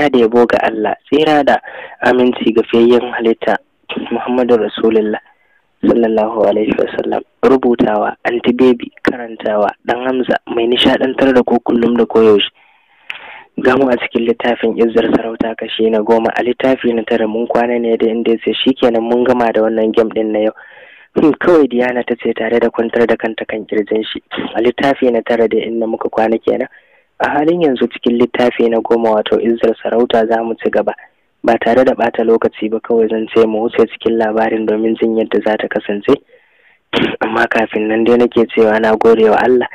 godiya da yabo ga Allah tsira da aminci ga fiyayyen halitta Muhammadu Rasulullah sallallahu alaihi wasallam rubutawa anti baby karantawa dan Hamza mai nishadantar da ko kullum da koyaushe gamu a cikin littafin izzar sarauta kashi na goma a littafi na tara mun kwana ne da inda sai shikenan mun gama da wannan game din na yau hmm, kawai diyana ta ce tare da kwantar da kanta kan kirjin shi a littafi na tara da inda muka kwana kenan a halin yanzu cikin littafi na goma wato izzar sarauta za mu ci gaba ba tare da bata lokaci ba kawai zan ce mu wuce cikin labarin domin jin yadda za ta kasance amma kafin nan dai nake cewa na gode wa Allah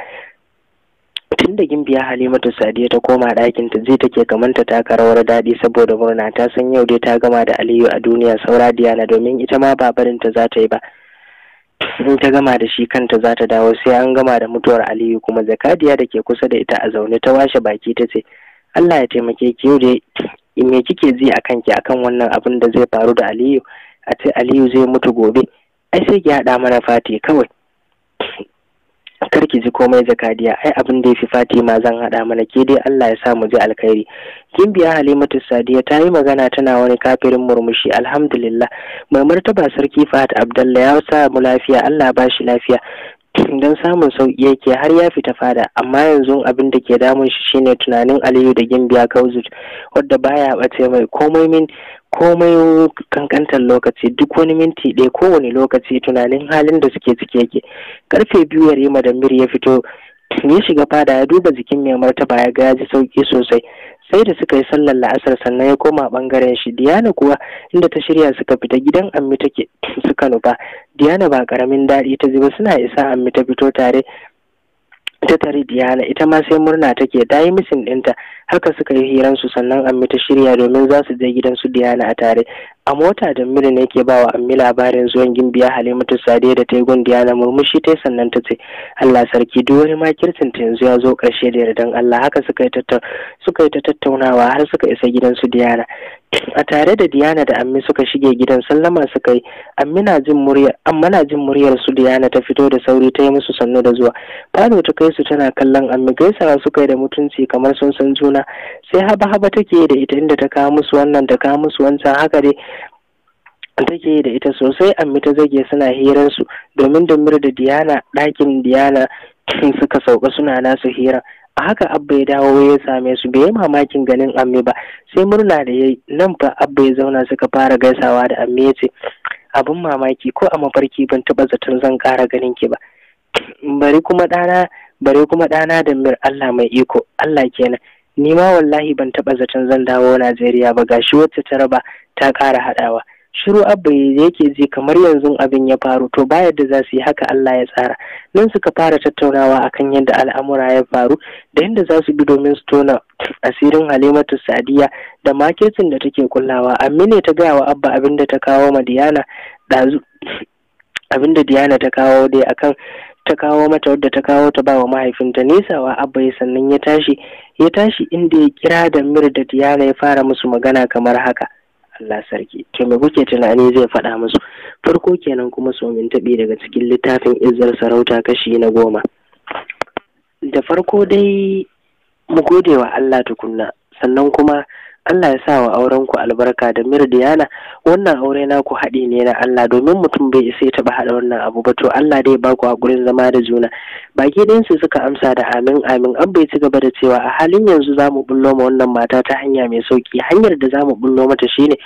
tun da gimbiya halimatu sadiya ta koma ɗakin ta zai take kamanta ta karawar daɗi saboda murna ta san yau dai ta gama da aliyu a duniya saura diyana domin ita ma ba ta za ta yi ba in ta gama da shi kanta za ta dawo sai an gama da mutuwar aliyu kuma zakadiya da ke kusa da ita a zaune ta washe baki ta ce allah ya taimake ki yau da me kike ji a kanki akan wannan abin da zai faru da aliyu a ce aliyu zai mutu gobe ai sai ki haɗa mana fati kawai kar ki ji komai jakadiya ai abin da ya fi Fatima zan hada mana ke dai Allah ya sa mu ji alkhairi kin Halimatu Sadiya ta yi magana tana wani kafirin murmushi alhamdulillah mai martaba sarki Fahad Abdullahi ya sa mu lafiya Allah ba shi lafiya don samun sauki yake har ya fita fada amma yanzu abin da ke damun shi shine tunanin aliyu da gimbiya kauzut wadda baya bace mai komai min komai kankantar lokaci duk wani minti ɗaya kowane lokaci tunanin halin da suke ciki yake karfe biyu ya rima da miri ya fito ya shiga fada ya duba jikin mai martaba ya ga ya sauki sosai sai da suka yi sallar la'asar sannan ya koma bangaren shi diana kuwa inda ta shirya suka fita gidan ammi take suka nufa diana ba karamin daɗi ta zuba, suna isa ammi ta fito tare ta tari Diana ita ma sai murna take ta yi misin ɗinta haka suka yi su sannan ammi ta shirya domin za su je gidan su Diana a tare a mota da mili ne ke bawa ammi labarin zuwan gimbiya Halimatu Sadiya da ta gun Diana murmushi ta sannan ta ce Allah sarki duk wani makircin ta yanzu ya zo ƙarshe da yardan Allah haka suka yi ta tattaunawa har suka isa gidan su Diana a tare da Diana da Ammi suka shige gidan sallama suka yi jin muryar amma jin muryar su Diana ta fito da sauri ta yi musu sannu da zuwa Falo ta kai su tana kallon Ammi gaisawa suka yi da mutunci kamar sun san juna sai haba haba take da ita inda ta kawo musu wannan ta kawo musu wancan haka dai take da ita sosai Ammi ta zage suna hirar su domin da da Diana ɗakin Diana suka sauka suna nasu hirar A haka abba ya dawo ya same su bai yi mamakin ganin amme ba sai murna da yayi nan fa abba ya zauna suka fara gaisawa da amme ya ce abin mamaki ko a mafarki ban taɓa zaton zan ƙara ganin ki ba bari kuma ɗana bare kuma ɗana da mir Allah mai iko Allah kenan ni ma wallahi ban taba zaton zan dawo Najeriya ba gashi wacce ta raba ta kara haɗawa shiru abba yake ji kamar yanzu abin ya faru to ba yadda za su yi haka Allah ya tsara nan suka fara tattaunawa akan yadda al'amura ya faru da yadda za su bi domin su tona asirin halimatu sadiya da maketin da take kullawa amine ta gaya wa abba abin da ta kawo ma diyana ɗazu abin da diyana ta kawo dai akan ta kawo mata wadda ta kawo ta bawa mahaifinta nesa wa abba ya sannan ya tashi ya tashi inda ya kira da mir da diyana ya fara musu magana kamar haka Allah sarki to me kuke tunani zai faɗa musu farko kenan kuma so min taɓi daga cikin littafin izzar sarauta kashi na goma da farko dai mu gode wa Allah tukunna sannan kuma Allah ya sa wa aurenku albarka da mirdiyana wannan aure na ku haɗi ne na Allah domin mutum bai isa ya taɓa haɗa wannan abu ba to Allah dai ba ku haƙurin zama da juna baki yanzu suka amsa da amin amin an bai ci gaba da cewa a halin yanzu za mu bullo ma wannan mata ta hanya mai sauki hanyar da za mu bullo mata shine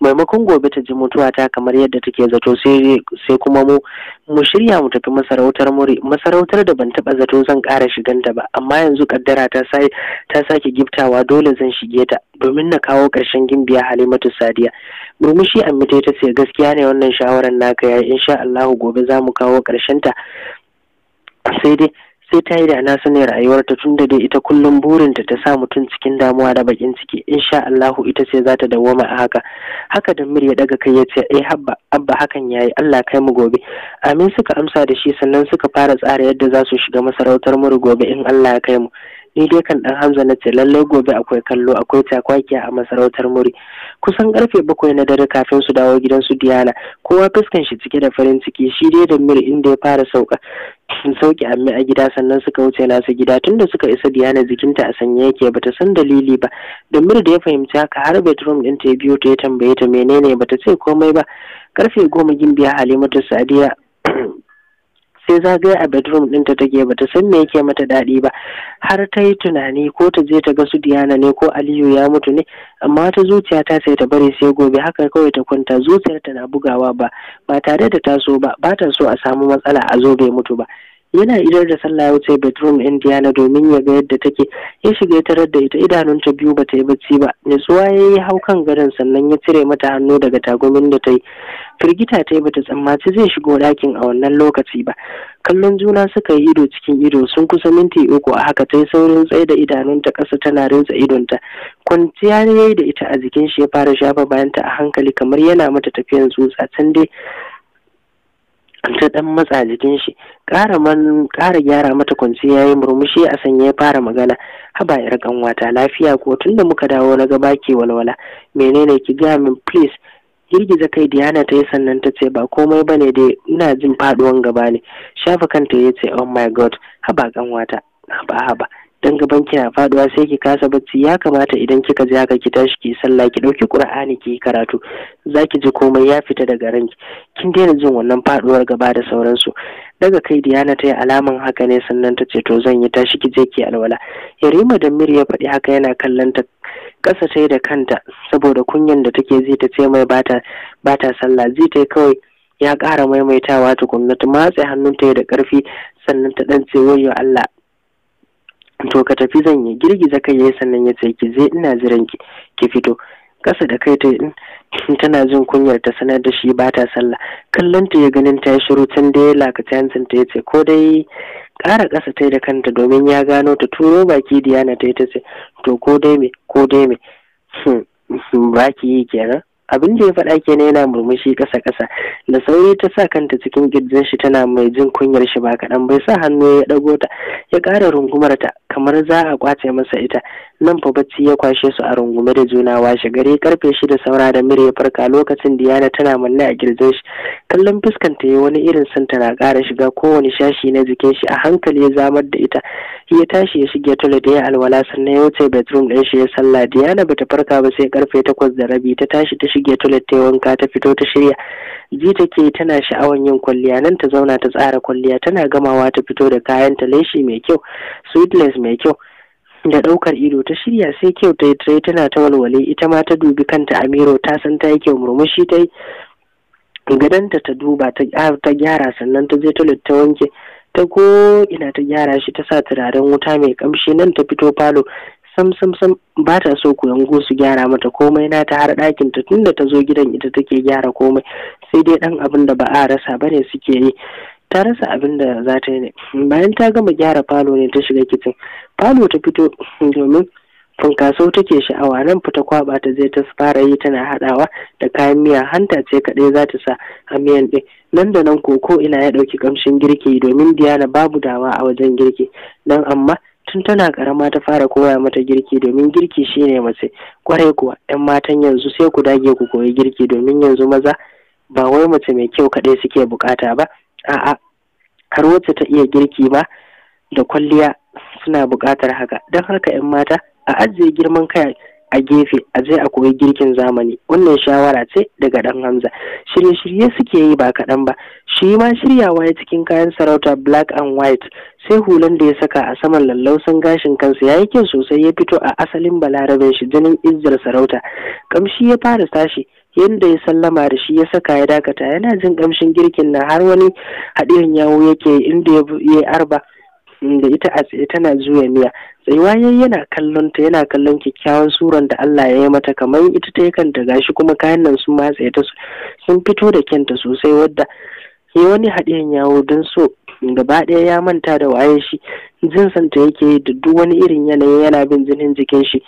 maimakon gobe ta ji mutuwa ta kamar yadda take zato sai kuma mu mu shirya mu tafi masarautar muri masarautar da ban taba zato zan ƙara shiganta ba amma yanzu kaddara ta sai ta sake giftawa dole zan shige ta domin na kawo ƙarshen gimbiya Halimatu Sadiya murmushi amita ta ce gaskiya ne wannan shawaran naka ya insha Allah gobe za mu kawo ƙarshen ta sai dai sai ta yi da na sanin rayuwarta tun da dai ita kullum burinta ta sa mutum cikin damuwa da bakin ciki insha Allahu ita ce za ta dawoma a haka haka da ya daga kai ya ce eh habba abba hakan yayi Allah kai mu gobe amin suka amsa da shi sannan suka fara tsara yadda za su shiga masarautar muri gobe in Allah ya kai mu ni dai kan dan hamza na ce lallai gobe akwai kallo akwai takwaki a masarautar muri kusan karfe bakwai na dare kafin su dawo gidan su diyala kowa fuskan shi cike da farin ciki shi dai da miri inda ya fara sauka sun sauke amme a gida sannan suka wuce nasu gida tunda suka isa diyana jikinta a sanye yake bata san dalili ba da miri da ya fahimci haka har bedroom din ta biyo ta ya tambaye ta menene bata ce komai ba karfe goma gimbiya halimatu sadiya sai zagaya a bedroom ɗinta take bata san me yake mata daɗi ba har ta yi tunani ko ta je ta ga su Diana ne ko Aliyu ya mutu ne amma ta zuciya ta sai ta bari sai gobe haka kawai ta kwanta zuciyarta na bugawa ba ba tare da ta so ba ba ta so a samu matsala a zo bai mutu ba yana idar da sallah ya wuce bedroom indiana domin ya ga yadda take ya shiga ya tarar da ita idanunta biyu bata yi bacci ba nutsuwa ya yi hau kan gadon sannan ya cire mata hannu daga tagomin da ta yi firgita ta yi bata tsammaci zai shigo ɗakin a wannan lokaci ba kallon juna suka yi ido cikin ido sun kusa minti uku a haka ta yi saurin tsaye da idanunta ƙasa tana rintsa idonta kwanciya ya yi da ita a jikin shi ya fara shafa bayanta a hankali kamar yana mata tafiyan tsutsa can dai ta dan matsa jikin shi ƙara man ƙara gyara mata ya yi murmushi a sanya ya fara magana haba yar ƙanwata, lafiya ko tun da muka dawo na gaba ke walwala menene ki ga min please girgiza kai Diana ta yi sannan ta ce ba komai bane dai ina jin faduwan gaba ne shafa kanta ya ce oh my god haba kanwata haba haba dan gaban kina na faduwa sai ki kasa bacci ya kamata idan kika je haka ki tashi ki sallah ki dauki qur'ani ki karatu zaki ji komai ya fita daga ranki kin daina jin wannan faduwar gaba da sauransu daga kai diyana ta yi alaman haka ne sannan ta ce to zan yi tashi ki je ki alwala Yarima da miri ya faɗi haka yana kallon ta kasa ta da kanta saboda kunyan da take ji ta ce mai bata bata sallah zai ta kawai ya ƙara maimaitawa tukunna ta matse hannunta da ƙarfi sannan ta ɗan ce wayo Allah to ka tafi zan yi girgiza kai yayi sannan ya ce ki je ina jiran ki ki fito kasa da kai tana jin kunyar ta sanar da shi ba ta sallah kallon ta ya ganin ta shiru can da ya lakata yancin ta yace ko dai ƙara ƙasa ta da kanta domin ya gano ta turo baki diyana ta ta ce to ko dai me ko dai me hmm, ba ki yi kenan abin da ya faɗa kenan yana murmushi ƙasa ƙasa da sauri ta sa kanta cikin ƙirjin shi tana mai jin kunyar shi ba kaɗan bai sa hannu ya ɗago ta ya ƙara rungumar ta kamar za a ƙwace masa ita nan fa bacci ya kwashe su a rungume da juna washe gari karfe da saura da mire ya farka lokacin da Diana tana manne a ƙirjin shi kallon fuskanta ya wani irin son tana ƙara shiga kowane shashi na jikin shi a hankali ya zamar da ita ya tashi ya shige tula da ya alwala sannan ya wuce bedroom ɗin shi ya sallah Diana bata farka ba sai karfe takwas da rabi ta tashi ta shige tulet ta wanka ta fito ta shirya ji take tana sha'awan yin kwalliya nan ta zauna ta tsara kwalliya tana gamawa ta fito da kayan ta leshi mai kyau sweetless mai kyau da ɗaukar ido ta shirya sai kyau ta yi tana ta walwale ita ma ta dubi kanta Amiro miro ta san ta yi kyau murmushi ta yi gadanta ta duba ta gyara sannan ta je toilet ta wanke ta ko ina ta gyara shi ta sa turaren wuta mai kamshi nan ta fito falo sam sam sam ba ta so ku yango su gyara mata komai na ta har ɗakin ta tunda ta zo gidan ita take gyara komai sai dai ɗan abin da ba a rasa ne suke yi ta rasa abin da za ta yi ne bayan ta gama gyara falo ne ta shiga kicin falo ta fito domin funkaso take sha'awa nan fita kwaba ta je ta fara yi tana haɗawa da kayan miya hanta ce kaɗai za ta sa a miyan ɗin nan da nan koko ina ya ɗauki kamshin girki domin diyana babu dawa a wajen girki dan amma tun tana karama ta fara koya mata girki domin girki shine mace kwarai kuwa yan matan yanzu sai ku dage ku koyi girki domin yanzu maza ba wai mace mai kyau kaɗai suke bukata ba a'a har wacce ta iya girki ba da kwalliya suna bukatar haka don haka yan mata a ajiye girman kai a gefe a je a koyi girkin zamani wannan shawara ce daga dan hamza shirye-shirye suke yi ba kaɗan ba shi ma shiryawa ya cikin kayan sarauta black and white sai hulan da ya saka a saman lallausan gashin kansa ya yi kyau sosai ya fito a asalin balarabin shi jinin izzar sarauta kamshi ya fara tashi yadda ya sallama da shi ya saka ya dakata yana jin kamshin girkin na har wani haɗiyan yawo yake inda ya arba da ita a tsaye tana juya miya tsayuwa yayi yana kallon ta yana kallon kyakkyawan suran da Allah ya yi mata kamar ita ta yakan kanta gashi kuma kayan nan sun matsaye ta sun fito da kyanta sosai wadda ya wani haɗiyan yawo don so gaba ɗaya ya manta da waye shi Jin ta yake da duk wani irin yanayi yana bin jinin jikin shi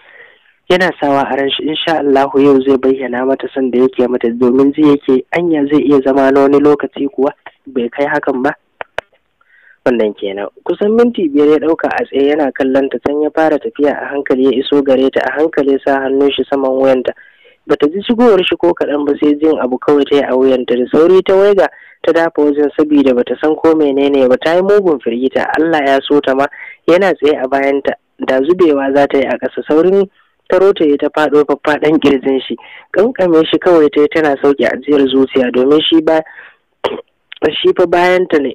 yana sawa a ranshi insha Allah yau zai bayyana mata sanda da yake mata domin zai yake anya zai iya zama na wani lokaci kuwa bai kai hakan ba wannan kenan kusan minti biyar ya ɗauka a tsaye yana kallon ta ya fara tafiya a hankali ya iso gare ta a hankali sa hannun shi saman wuyanta bata ji shigowar shi ko kaɗan ba sai jin abu kawai ta yi a wuyanta da sauri ta waiga ta dafa wajen saboda bata san ko menene ba ta yi mugun firgita Allah ya so ta ma yana tsaye a bayanta da zubewa za ta yi a ƙasa saurin taro ta ta faɗo faffaɗan kirjin shi ƙankame shi kawai ta tana sauke ajiyar zuciya domin shi ba shi fa bayanta ne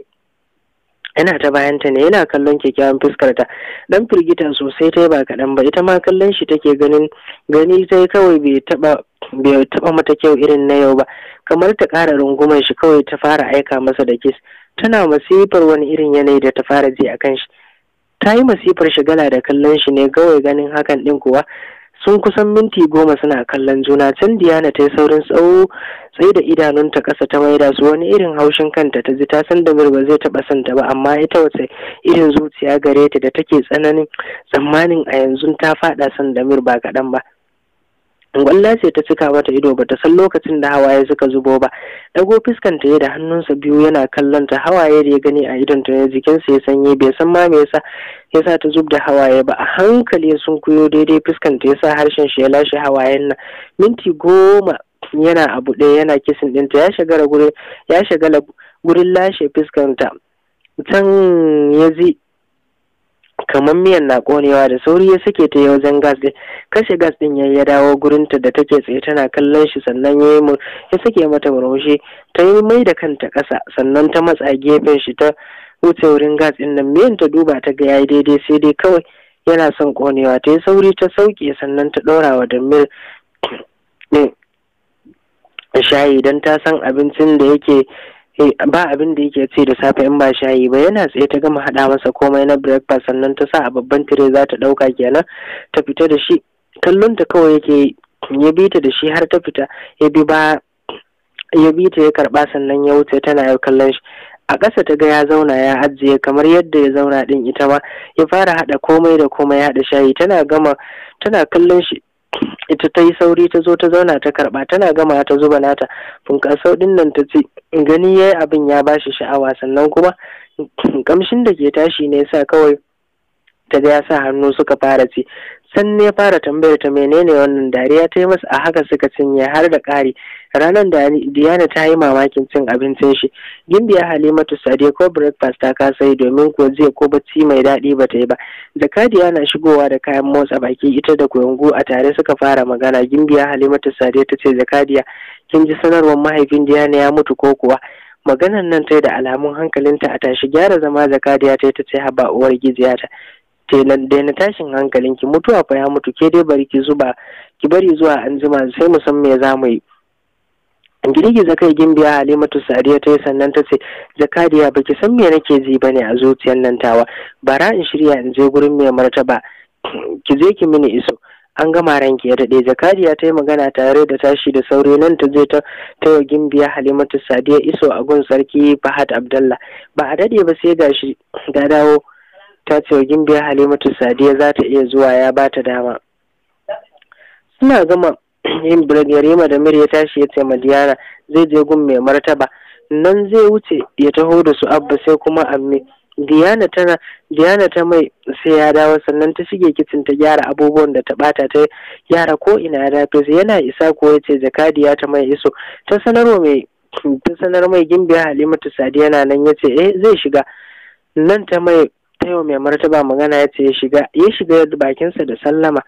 yana ta bayanta ne yana kallon kyakkyawan fuskarta dan firgita sosai ta ba kaɗan ba ita ma kallon shi take ganin gani ta kawai bai taba bai taba mata kyau irin na yau ba kamar ta ƙara rungumar shi kawai ta fara aika masa da kis tana masifar wani irin yanayi da ta fara ji akan shi ta yi masifar shigala da kallon shi ne kawai ganin hakan din kuwa sun kusan minti goma suna kallon juna can diyana ta yi saurin tsawo sai da idanunta ƙasa ta maida su wani irin haushin kanta ta ji ta san damir ba zai taɓa ta ba amma ita wace irin zuciya gare ta da take tsananin tsammanin a yanzu ta faɗa san damir ba kaɗan ba Gwalla sai ta cika mata ido bata san lokacin da hawaye suka zubo ba. Dago fuskanta ya da hannunsa biyu yana kallon ta hawaye da ya gani a idon ta jikin jikinsa ya sanye bai san ma me yasa yasa ta zub da hawaye ba a hankali sun kuyo daidai fuskanta ya sa harshen shi ya lashe hawayen nan. Minti goma yana abu ɗaya yana kisin ɗinta ya shagala gurin ya shagala gurin lashe fuskanta. Can ya ji kamar miyan na konewa da sauri ya suke ta yi wajen gas din kashe gas din ya ya dawo gurinta da take tsaye tana kallon shi sannan ya yi ya sake mata murmushi ta yi mai da kanta kasa sannan ta matsa gefen shi ta wuce wurin gas din nan miyan ta duba ta ga yi daidai sai dai kawai yana son konewa ta yi sauri ta sauke sannan ta ɗora wa da mil shayi don ta san abincin da yake Eh, ba abin da yake ce da safe in ba shayi ba yana tsaye ta gama haɗa masa komai na breakfast sannan ta sa a babban tire za ta ɗauka kenan ta fita da shi kallon ta kawai yake ya bi ta da shi har ta fita ya bi ba ya bi ta ya karɓa sannan ya wuce tana kallon shi a ƙasa ta ga ya zauna ya ajiye kamar yadda ya zauna din ita ma ya fara haɗa komai da komai haɗa shayi tana gama tana kallon shi ita ta yi sauri ta zo ta zauna ta karba tana gama ta zuba nata sau din nan ta ce gani yayi abin ya bashi sha'awa sannan kuma kamshin da ke tashi ne sa kawai ta ga ya sa hannu suka fara ci sannan ya fara tambayar ta menene wannan dariya ta yi masa a haka suka cinye har da ƙari ranar da Diana ta yi mamakin cin abincin shi gimbiya Halimatu Sadiya ko breakfast ta kasa yi domin ko zai ko bacci mai daɗi ba ta yi ba jaka Diana shigowa da kayan motsa baki ita da kuyungu a tare suka fara magana gimbiya Halimatu Sadiya ta ce Zakadiya. kin ji sanarwar mahaifin Diana ya mutu ko kuwa maganan nan ta da alamun hankalinta a tashi gyara zama zakadiya ta ta ce haba uwar gijiyata telan daina tashin hankalin ki mutuwa fa ya mutu ke dai bari ki zuba ki bari zuwa anjima sai mu san me za mu yi girgiza kai gimbiya halimatu sadiya ta yi sannan ta ce ba baki san me nake ji ba ne a zuciyar nan tawa bara in shirya in je gurin mai martaba ki je ki mini iso an gama ranki ya daɗe zakariya ta yi magana tare da tashi da sauri nan ta je ta ta gimbiya halimatu sadiya iso a gun sarki fahad abdallah ba a daɗe ba sai gashi da dawo ta ce wa gimbiya halimatu sadiya za ta iya zuwa ya ba ta dama suna gama yin yarima da mir ya tashi ya ce madiyana zai je gun mai martaba nan zai wuce ya taho da su abba sai kuma amme diyana ta mai sai ya dawo sannan ta shige kicin ta gyara abubuwan da ta bata ta gyara ko ina ya dafe sai yana isa ko yace jakadiya ta mai iso ta mai ta sanar mai gimbiya Halimatu Sadiya na nan ya ce, eh zai shiga nan ta mai ta yau mai martaba magana ya ce ya shiga ya shiga bakinsa da sallama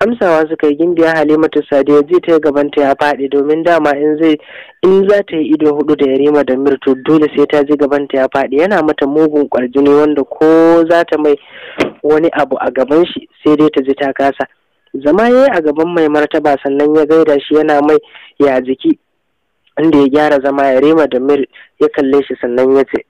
amsawa suka yi gimbiya halimatu sadiya ji ta gabanta ya faɗi domin dama in zai in za ta yi ido hudu da yarima da mirto dole sai ta ji gabanta ya faɗi yana mata mugun kwarjini wanda ko za ta mai wani abu a gaban shi sai dai ta ji ta kasa zama ya yi a gaban mai martaba sannan ya gaida shi yana mai ya jiki inda ya gyara zama yarima da mir ya kalle shi sannan ya ce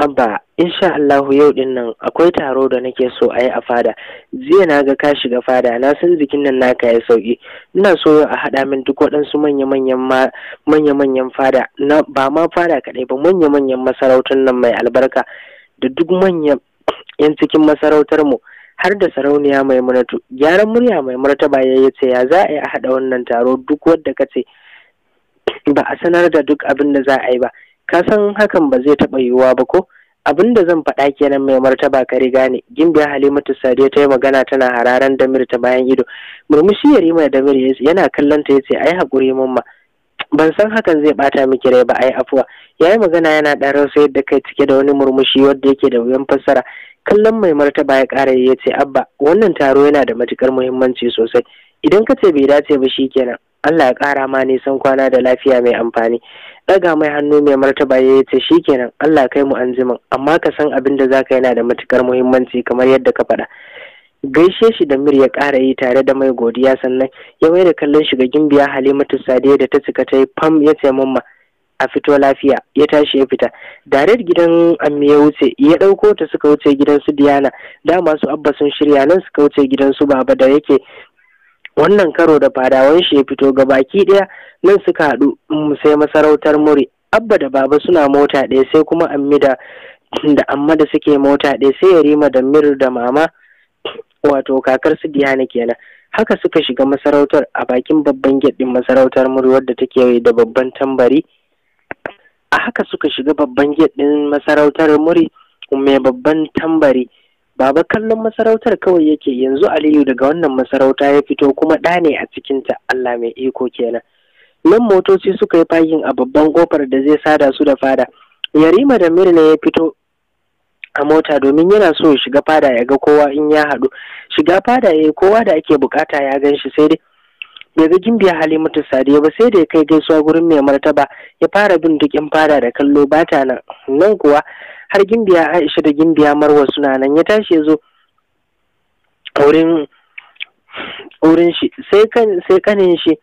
Abba, insha Allah yau din nan akwai taro da nake so a yi a fada. Jiya na ga ka shiga fada, na san jikin nan naka ya sauki. Ina so a haɗa min duk waɗansu manya-manyan fada, ba ma fada kaɗai ba manya-manyan masarautun nan mai albarka da duk manyan yan cikin masarautar mu. har da sarauniya maimunatu gyaran murya mai martaba ya ce ya za a yi a haɗa wannan taro duk wadda ka ce ba a sanar da duk abin da za a yi ba ka san hakan ba zai taɓa yiwuwa ba ko abin da zan faɗa kenan mai martaba ka riga ne gimbiya halimatu sadiya ta yi magana tana hararan damir ta bayan ido murmushi ya rima damir yana kallon ta ce ai haƙuri mamma ban san hakan zai bata miki rai ba ai afuwa yayi magana yana ɗan rasa yadda kai cike da wani murmushi wadda yake da wuyan fassara kallon mai martaba ya ƙara ya ce abba wannan taro yana da matukar muhimmanci sosai idan ka ce bai dace ba shi kenan. Allah ya ƙara ma nisan kwana da lafiya mai amfani ɗaga mai hannu mai martaba ya ce kenan Allah kai mu anjiman amma ka san abin da za zaka yana da matukar muhimmanci kamar yadda ka faɗa gaishe shi da mir ya ƙara yi tare da mai godiya sannan ya mai da kallon shiga gimbiya halimatu sadiya da ta cika ta yi fam ya ce mamma a fito lafiya ya tashi ya fita direct gidan ami ya wuce ya ɗauko ta suka wuce gidan su diana dama su abba sun shirya nan suka wuce gidan su baba da yake wannan karo da fadawan shi ya fito ga baki ɗaya nan suka haɗu mm, sai masarautar muri abba da baba suna mota ɗaya sai kuma Amida da da amma da suke mota ɗaya sai yarima da mir da mama wato kakar su diyana kenan haka suka shiga masarautar a bakin babban gyaɗin masarautar muri wadda take da babban tambari a haka suka shiga babban gyaɗin masarautar muri mai babban tambari Baba kallon masarautar kawai yake yanzu Aliyu daga wannan masarauta ya fito kuma ɗa ne a cikinta Allah mai iko kenan. Nan motoci suka yi fakin a babban kofar da zai sada su da fada. Yarima da Mirna ya fito a mota domin yana so ya shiga fada ya ga kowa in ya haɗu. Shiga fada ya kowa da ake bukata ya gan shi sai dai bai ga gimbiya hali Halimatu Sadiya ba sai da ya kai gaisuwa gurin mai martaba ya fara bin dukin fada da kallo bata nan nan kuwa har gimbiya aisha da gimbiya marwa suna nan ya tashi ya zo wurin shi sai kanin shi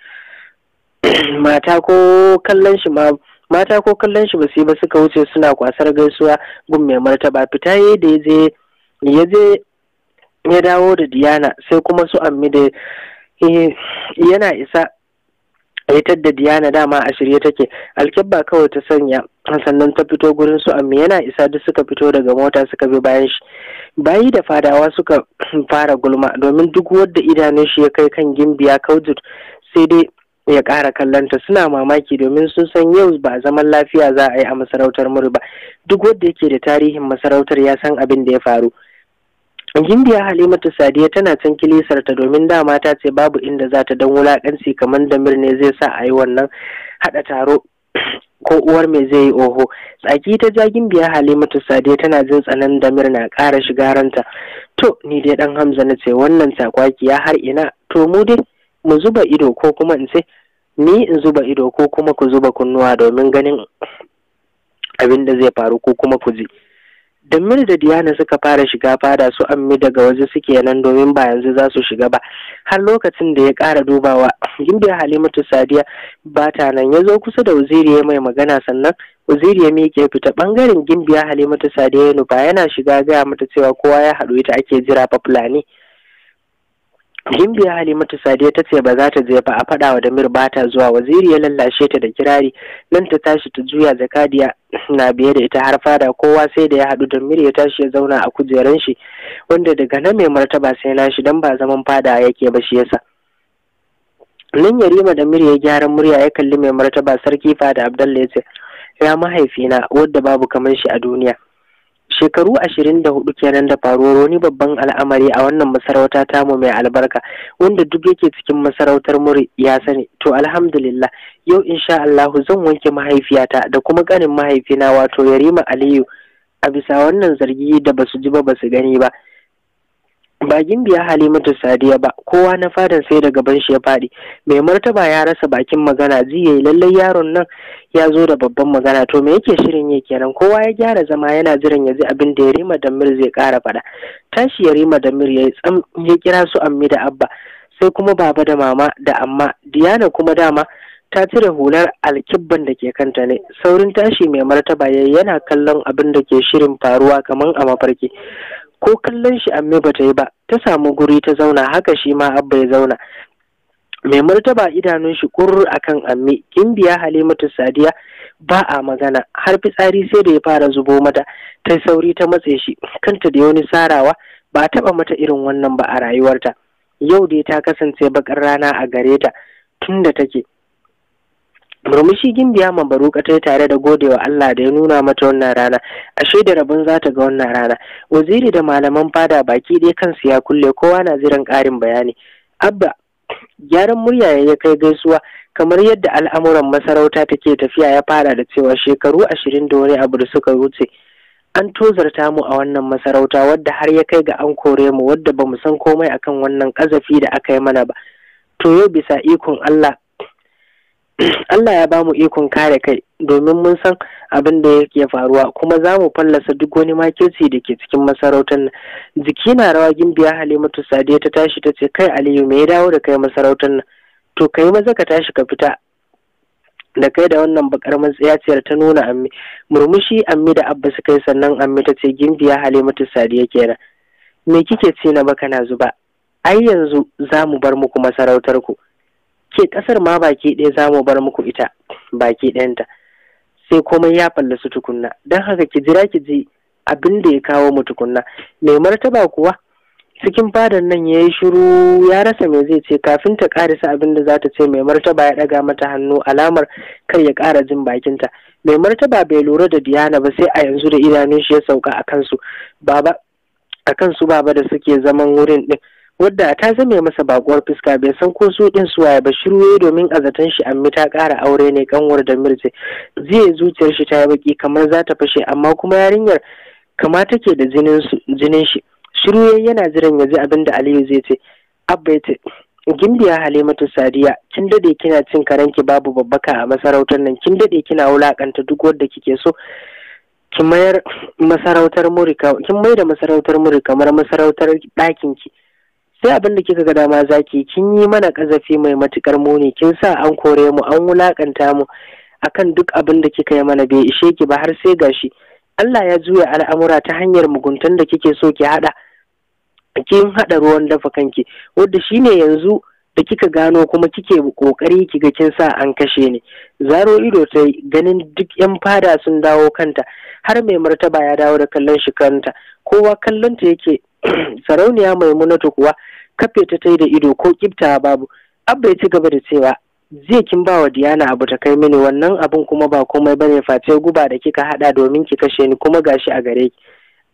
mata ko kallon shi ma mata ko kallon shi ba su yi ba suka wuce suna kwasar gaisuwa gun mai martaba fita ya da ya je ya je ya dawo da Diyana sai kuma su ammi eh, yana isa fitar da Diana dama a shirye take alkibba kawai ta sanya sannan ta fito gurin su amma yana isa duk suka fito daga mota suka bi bayan shi bayi da fadawa suka fara gulma domin duk wadda idanun shi ya kai kan gimbiya kaujut sai dai ya ƙara kallonta suna mamaki domin sun san yau ba a zaman lafiya za a yi a masarautar muri ba, duk wadda yake da tarihin masarautar ya san abin da ya faru Gimbiya Halimatu Sadiya tana can kilisar ta domin da mata ce babu inda za ta dan wulakanci kamar da mirne zai sa a yi wannan haɗa taro ko uwar me zai yi oho tsaki ta ja gimbiya halimatu sadiya tana jin tsanan da mirna, ƙara shiga ranta to ni dai dan hamza na ce wannan ya har ina to mu dai mu zuba ido ko kuma in ce ni in zuba ido ko kuma ku zuba kunnuwa domin ganin abin da zai faru ko kuma ku ji da mil da diana suka fara shiga fada su ammi daga waje suke nan domin ba yanzu za su shiga ba har lokacin da ya ƙara dubawa gimbiya halimatu sadiya ba ta nan ya zo kusa da waziri ya mai magana sannan waziri ya miƙe fita ɓangaren gimbiya halimatu sadiya ya nufa yana shiga gaya mata cewa kowa ya haɗu ita ake jira fa fulani Gimbiya Halimatu Sadiya ta ce ba za ta je ba a faɗa wa Damir ba ta zuwa waziri ya lallashe ta da kirari nan ta tashi ta juya zakadiya na biye da ita har fada kowa sai da ya haɗu Damir ya tashi ya zauna a kujeran shi wanda daga nan mai martaba sai na shi dan ba zaman fada yake ba shi yasa. Nan Yarima da ya gyara murya ya kalli mai martaba sarki fada Abdallah ya ce ya mahaifina wadda babu kamar shi a duniya. shekaru ashirin da hudu kenan da faruwar wani babban al'amari a wannan masarauta tamu mai albarka wanda duk yake cikin masarautar muri ya sani to alhamdulillah yau insha Allahu zan wanke mahaifiyata da kuma ganin mahaifina wato Yarima Aliyu a bisa wannan zargi da basu ji ba basu gani ba Ba gimbiya biya Halimatu Sadiya ba, kowa na fadan sai daga ban shi ya faɗi. Mai martaba ya rasa bakin magana jiya lallai yaron nan ya zo da babban magana to me yake shirin yi kenan kowa ya gyara zama yana jiran ya ji abin da ya da damir zai kara faɗa. Tashi ya rima damir ya tsam ya kira su ammi da abba sai kuma baba da mama da amma Diana kuma dama ta cire hular alkibban da ke kanta ne saurin tashi mai martaba yayi yana kallon abin da ke shirin faruwa kamar a mafarki. ko kallon shi amme bata yi ba ta samu guri ta zauna haka shi ma abba ya zauna mai martaba idanun shi kurr akan amme Halima ta sadiya ba a magana har fitsari sai da ya fara zubo mata ta sauri ta matse shi kanta da wani sarawa ba a taba mata irin wannan ba a rayuwarta yau dai ta kasance bakar rana a gare ta tunda take murmushi gimbiya baruka ta tare da godewa Allah da ya nuna mata wannan rana ashe da rabon za ta ga wannan rana waziri da malaman fada baki dai kansu ya kulle kowa na ziran karin bayani abba gyaran murya ya kai gaisuwa kamar yadda al'amuran masarauta take tafiya ya fara da cewa shekaru ashirin da wani abu da suka wuce an tozarta mu a wannan masarauta wadda har ya kai ga an kore mu wadda ba mu san komai akan wannan ƙazafi da aka yi mana ba to yau bisa ikon Allah Allah ya bamu ikon kare kai domin mun san abin da yake faruwa kuma za mu fallasa duk wani makirci da ke cikin masarautar nan jiki na rawa gimbiya halimatu sadiya ta tashi ta ce kai aliyu me ya dawo da kai masarautar nan to kai maza ka tashi ka fita da kai da wannan bakar matsayaciyar ta nuna ammi murmushi ammi da abba suka yi sannan ammi ta ce gimbiya halimatu sadiya kenan me kike ci na baka na zuba ai yanzu za mu bar muku masarautar ku ke kasar ma baki ɗaya za mu bar muku ita baki ɗayanta sai komai ya fallasu tukunna don haka ki jira ki ji abin da ya kawo mu tukunna mai martaba kuwa cikin fadar nan ya yi shiru ya rasa mai zai ce kafin ta karisa abin da za ta ce mai martaba ya ɗaga mata hannu alamar kar ya ƙara jin bakinta mai martaba bai lura da diana ba sai a yanzu da idanun shi ya sauka a kansu baba a kansu baba da suke zaman wurin ɗin wadda ta zame masa bakuwar fuska bai san ko su din waye ba shiru domin a zaton shi amma ta ƙara aure ne kanwar da mirce zai zuciyar shi ta yi baki kamar za ta fashe amma kuma yarinyar kama take da jinin shi shiru yana jiran ya ji abin da aliyu zai ce Abba ce, gimbiya halimatu sadiya kin dade kina cin karanki babu babbaka a masarautar nan kin dade kina wulakanta duk wanda kike so kin mayar masarautar muri mai da masarautar muri kamar masarautar ɗakin ki sai abin da kika ga dama zaki kin yi mana kazafi mai matukar muni kin sa an kore mu an wulakanta mu akan duk abin da kika yi mana bai ishe ki ba har sai gashi Allah ya juya al'amura ta hanyar muguntan da kike so ki hada kin hada ruwan dafa kanki wanda shine yanzu da kika gano kuma kike kokari kiga kin sa an kashe ni zaro ido ta ganin duk yan fada sun dawo kanta har mai martaba ya dawo da kallon shi kanta kowa kallonta yake sarauniya maimunatu kuwa kafe ta ta yi da ido ko kibta babu abba ya ci gaba da cewa zai kin ba wa Diana abu ta kai mini wannan abun kuma ba komai ba ne, face guba da kika hada domin ki kashe ni kuma gashi a gare ki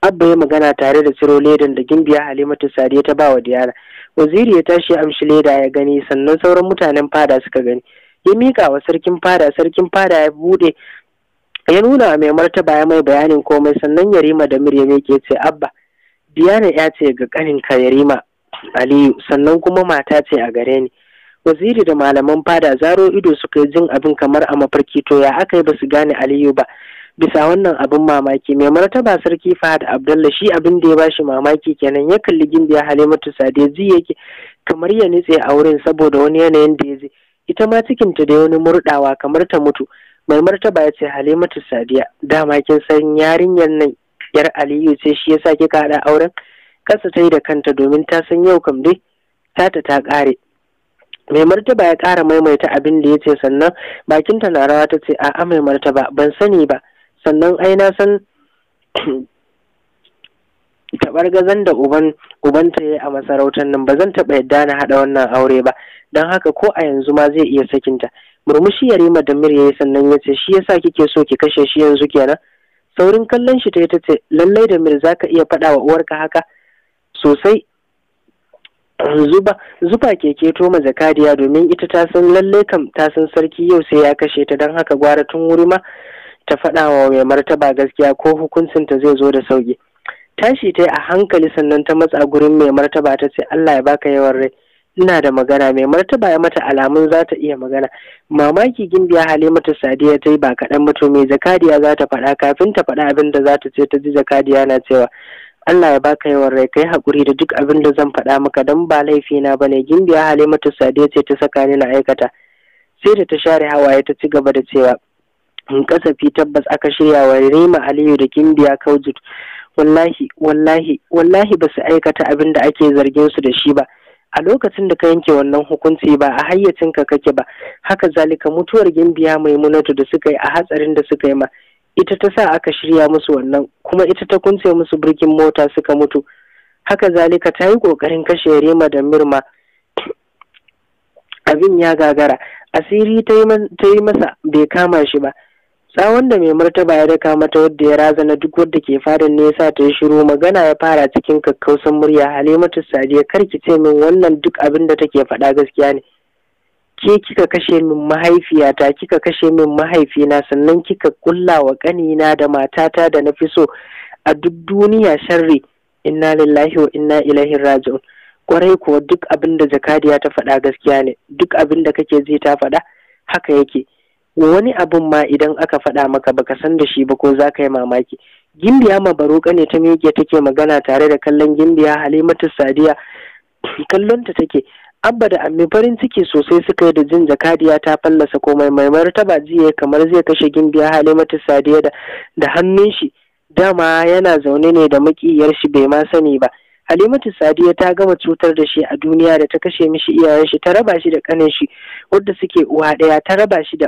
abba ya magana tare da ciro ledan da gimbiya halimatu sadiya ta ba wa Diana waziri ya tashi amshi leda ya gani sannan sauran mutanen fada suka gani ya mika wa sarkin fada sarkin fada ya bude ya nuna mai martaba ya mai bayanin komai sannan yarima da miryam ya ce abba Diana ya ce ga kanin Yarima Aliyu sannan kuma mata ce a gare ni. Waziri da malaman fada zaro ido suka yi jin abin kamar a mafarki to ya aka yi ba su gane Aliyu ba. Bisa wannan abin mamaki mai martaba sarki Fahad Abdullah shi abin da ya bashi mamaki kenan ya kalli gimbiya Halimatu Sade ji yake kamar ya nitse a wurin saboda wani yanayin da ya je. Ita ma cikinta da wani murɗawa kamar ta mutu. Mai martaba ya ce Halimatu Sadiya dama kin san yarinyar nan yar aliyu ce shi yasa kika haɗa auren kasa ta yi da kanta domin ta san yau kam dai tata ta kare mai martaba ya kara maimaita abin da ya ce sannan bakinta na rawa ta ce a'a mai martaba ban sani ba sannan ai na san gazan da uban ta yi a masarautar nan ba zan taɓa yadda na haɗa wannan aure ba dan haka ko a yanzu ma zai iya sakinta murmushi yarima da mir yayi sannan ya ce shi yasa kike so ki kashe shi yanzu kenan saurin kallon shi ta yi ta ce lallai da mir za ka iya faɗa wa uwarka haka sosai zuba zuba keke toma zakariya domin ita ta san lallai kam ta san sarki yau sai ya kashe ta don haka gwara tun wuri ma ta faɗa wa mai martaba gaskiya ko hukuncin ta zai zo da sauki tashi ta a hankali sannan ta matsa gurin mai martaba ta ce Allah ya baka yawan rai ina da magana mai martaba ya mata alamun za ta iya magana mamaki gimbiya halimatu sadiya ta yi ba kaɗan mutum mai zakariya za ta faɗa kafin ta faɗa abin da za ta ce ta ji zakariya na cewa Allah ya baka yawan rai kai haƙuri da duk abin da zan faɗa maka don ba na ba ne gimbiya halimatu sadiya ce ta saka ni na aikata sai da ta share hawaye ta ci gaba da cewa in kasafi tabbas aka shirya wa rima aliyu da gimbiya kaujut wallahi wallahi wallahi ba su aikata abin da ake zargin su da shi ba a lokacin da ka yanke wannan hukunci ba a hayyacin ka kake ba haka zalika mutuwar gimbiya maimunatu da suka yi a hatsarin da suka yi ma ita ta sa aka shirya musu wannan kuma ita ta kunce musu birkin mota suka mutu haka zalika ta yi kokarin kashe rema da mirma abin ya gagara asiri ta yi masa bai kama shi ba tsawon da mai martaba ya daka mata wadda ya razana duk wadda ke fadan nesa ta yi shiru magana ya fara cikin kakkausan murya halimatu sadiya kar ki ce min wannan duk abin da take faɗa gaskiya ne ke kika kashe min mahaifiyata kika kashe min mahaifina sannan kika kulla wa ƙanina da matata da na fi so a duk duniya sharri inna lillahi wa inna ilaihi raji'un kwarai kuwa duk abin da jakadiya ta faɗa gaskiya ne duk abin da kake ji ta faɗa haka yake wani abun ma idan aka faɗa maka baka san da shi ba ko za ka yi mamaki gimbiya mabaroka ne ta miƙe take magana tare da kallon gimbiya halimatu sadiya ta take abba da ammi farin ciki sosai suka yi da jin jakadiya ta fallasa komai mai martaba jiya kamar zai kashe gimbiya halimatu sadiya da, hannun shi dama yana zaune ne da makiyar shi bai ma sani ba halimatu sadiya ta gama cutar da shi a duniya da ta kashe mishi iyayen shi ta raba shi da kanin shi wadda suke uwa ɗaya ta raba shi da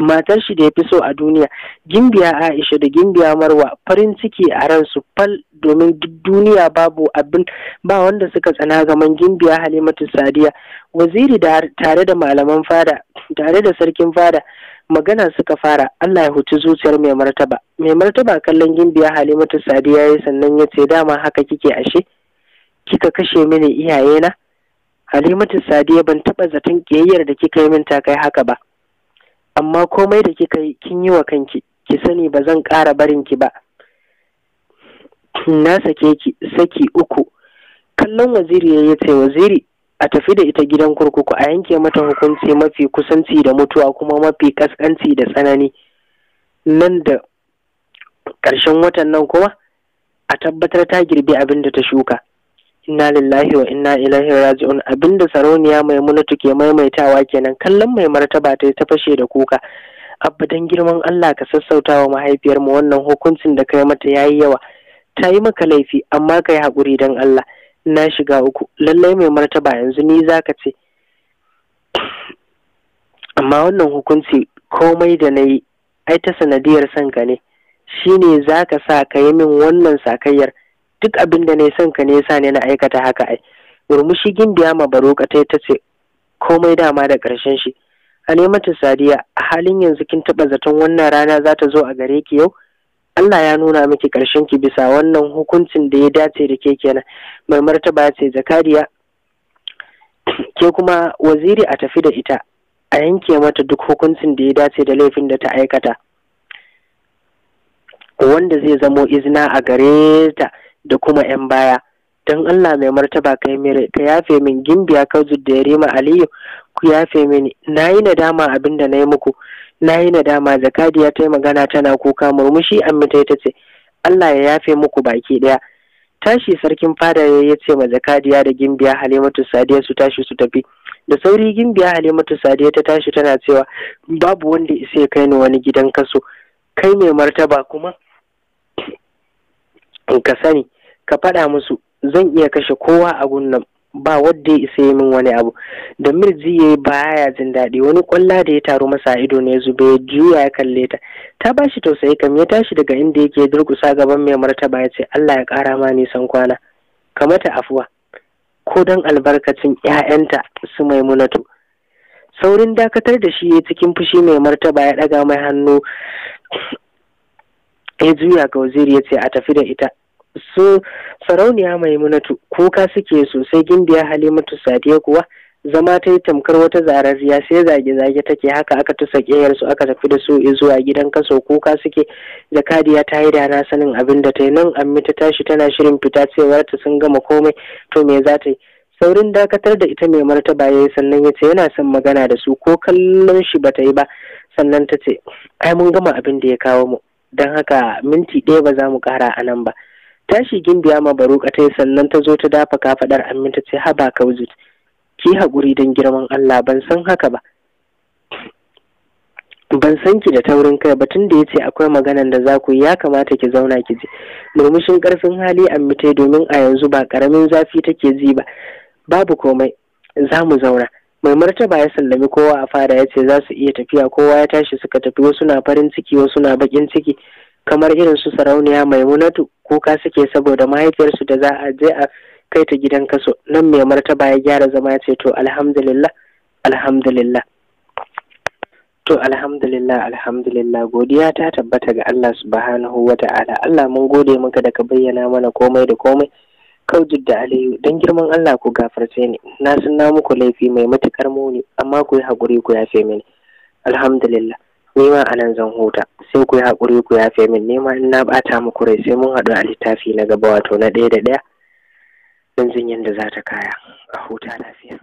matar shi da ya fi so a duniya gimbiya aisha da gimbiya marwa farin ciki a ransu fal domin duk duniya babu abin ba wanda suka tsana gaman gimbiya halimatu sadiya waziri tare da malaman fada tare da sarkin fada magana suka fara allah ya huci zuciyar mai martaba mai martaba kallon gimbiya halimatu sadiya ya sannan ya ce dama haka kike ashe kika kashe mini iyayena halimatu sadiya ban taba zaton ƙiyayyar da kika yi min ta kai haka ba amma komai da kika yi kin yi wa kanki ki sani ba zan ƙara barin ki ba na sake ki saki uku kallon waziri ya yi ce waziri a tafi da ita gidan kurkuku a yanke mata hukunci mafi kusanci da mutuwa kuma mafi kaskanci da tsanani nan da ƙarshen watan nan kuma a tabbatar ta girbi abin da ta shuka inna lillahi wa inna ilaihi raji'un abinda sarauniya maimunatu ke maimaitawa kenan kallon mai martaba ta ta fashe da kuka abba dan girman Allah ka sassauta wa mahaifiyarmu wannan hukuncin da kai mata yayi yawa ta yi maka laifi amma ka yi haƙuri dan Allah na shiga uku lallai mai martaba yanzu ni zaka ce amma wannan hukunci komai da na yi ai ta sanadiyar son ka ne shine zaka sa ka yi min wannan sakayyar duk abin da ne son ka ne sa ne na aikata haka ai murmushi gindiya ma baroka ta ta ce komai dama da ƙarshen shi A ta sadiya a halin yanzu kin taɓa zaton wannan rana za ta zo a gare ki yau Allah ya nuna miki ƙarshen ki bisa wannan hukuncin da ya dace da ke kenan mai martaba ce zakariya ke kuma waziri a tafi da ita a yanke mata duk hukuncin da ya dace da laifin da ta aikata wanda zai zamo izina a gare ta da kuma 'yan baya don Allah mai martaba kai mere ka yafe min gimbiya kauzu da ya rima aliyu ku yafe mini na yi nadama abin da na yi muku na yi nadama zakadiya ta yi magana tana kuka murmushi amita ta ce Allah ya yafe muku baki ɗaya tashi sarkin fada ya ce ma zakadiya da gimbiya halimatu sadiya su tashi su tafi da sauri gimbiya halimatu sadiya ta tashi tana cewa babu wanda isa ya kai ni wani gidan kaso kai mai martaba kuma In ka sani ka faɗa musu zan iya kashe kowa a gunnan ba wadda ya isa yi min wani abu da mirji ya baya jin daɗi wani kwalla da ya taru masa ido ne zube ya juya ya kalle ta ta ba shi tausayi kam ya tashi daga inda yake durkusa gaban mai martaba ya ce Allah ya ƙara ma nisan kwana kamata afuwa ko don albarkacin 'ya'yanta su maimunatu saurin dakatar da shi ya cikin fushi mai martaba ya ɗaga mai hannu ya juya ga waziri ya ce a tafi da ita su sarauniya maimunatu kuka suke sosai gimbiya halimatu sadiya kuwa zama ta yi tamkar wata zararriya sai zage-zage take haka aka tusa su aka tafi da su zuwa gidan kaso kuka suke jakadiya ta yi da na sanin abin da ta yi nan ammi ta tashi tana shirin fita cewar ta sun gama komai to me za ta yi saurin dakatar da ita mai martaba ya sannan ya ce yana son magana da su ko kallon shi ba ta yi ba sannan ta ce ai mun gama abin da ya kawo mu don haka minti ɗaya ba za mu ƙara a nan ba tashi gimbiya ma baruka ta sannan ta zo ta dafa kafaɗar aminta ce haba kauji ki haƙuri don girman Allah ban san haka ba ban san ki da taurin kai ba tun da ya ce akwai maganan da za ku ya kamata ki zauna ki ji murmushin karfin hali amita domin a yanzu ba karamin zafi take ji ba babu komai za mu zauna mai martaba ya sallami kowa a fada ya ce za su iya tafiya kowa ya tashi suka tafi wasu na farin ciki wasu na bakin ciki kamar irin su sarauniya maimunatu ka suke saboda mahaifiyarsu da za a je a kai ta gidan kaso nan mai martaba ya gyara zama ce to alhamdulillah alhamdulillah to alhamdulillah alhamdulillah godiya ta tabbata ga Allah subhanahu wa ta'ala Allah mun gode maka da ka bayyana mana komai da komai kau da aliyu dan girman Allah ku gafarce ni na sun muku laifi mai matukar muni amma ku yi hakuri ku yafe mini alhamdulillah nima a nan zan huta sai ku yi haƙuri ku yafe min nema in na ɓata muku rai sai mun haɗu a littafi na gaba wato na ɗaya da ɗaya don zan yadda za ta kaya a huta lafiya